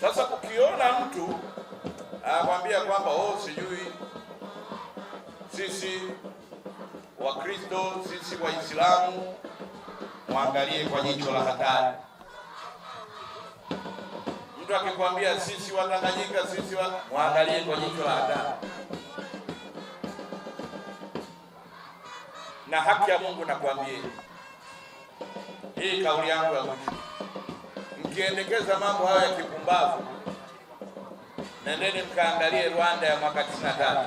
Sasa kukiona mtu anakwambia kwamba oh, sijui sisi Wakristo, sisi Waislamu, mwangalie kwa jicho la hatari. Mtu akikwambia sisi Watanganyika, sisi wa... mwangalie kwa jicho la hatari. Na haki ya Mungu nakwambia hii kauli yangu ya mwisho mkiendekeza mambo hayo ya kipumbavu, nendeni mkaangalie Rwanda ya mwaka 93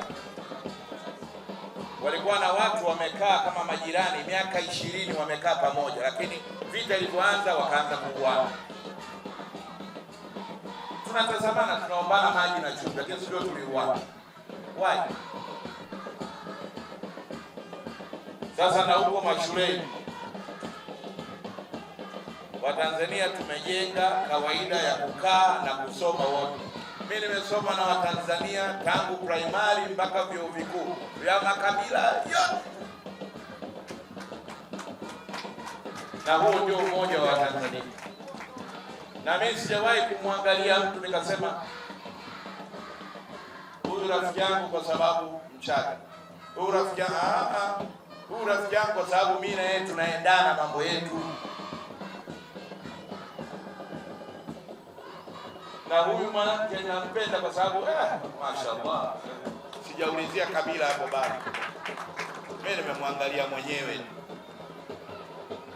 walikuwa na watu wamekaa kama majirani miaka ishirini wamekaa pamoja, lakini vita ilivyoanza wakaanza kuuana. Tunatazamana, tunaombana maji na chumvi, lakini sio tuliuana. Why? Sasa na huko mashuleni Watanzania tumejenga kawaida ya kukaa na kusoma wote. Mimi nimesoma na Watanzania tangu primary mpaka vyuo vikuu vya makabila yote, na huu ndio umoja wa Watanzania. Na mimi sijawahi kumwangalia mtu nikasema huyu rafiki yangu kwa sababu Mchaga, huyu rafiki ah, ah. yangu kwa sababu mimi na yeye tunaendana mambo yetu. na huyu mwanamke nampenda kwa sababu eh, mashaallah, sijaulizia kabila hapo bado, mimi nimemwangalia mwenyewe.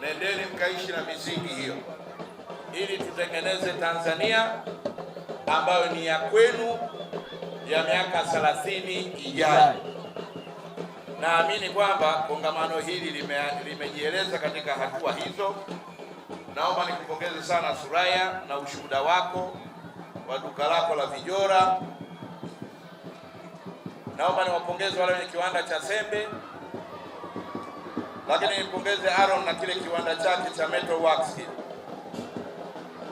Nendeni mkaishi na misingi hiyo, ili tutengeneze Tanzania ambayo ni ya kwenu ya miaka 30 ijayo. Naamini kwamba kongamano hili limejieleza lime katika hatua hizo. Naomba nikupongeze sana Suraya na ushuhuda wako wa duka lako la vijora. Naomba niwapongeze wale wenye kiwanda cha sembe, lakini nimpongeze Aaron na kile kiwanda chake cha Metal Works.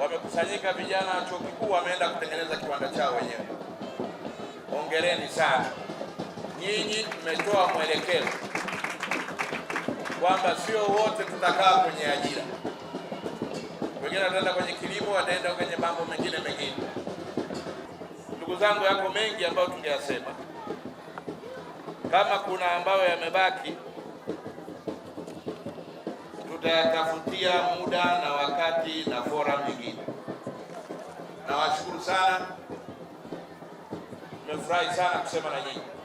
Wamekusanyika vijana wa chuo kikuu, wameenda kutengeneza kiwanda chao wenyewe. Hongereni sana nyinyi, mmetoa mwelekeo kwamba sio wote tutakaa kwenye ajira, wengine wataenda kwenye kilimo, wataenda kwenye mambo mengine matango yako mengi ambayo tungeyasema. Kama kuna ambayo yamebaki, tutayatafutia muda na wakati na fora nyingine. Nawashukuru sana, nimefurahi sana kusema na nyinyi.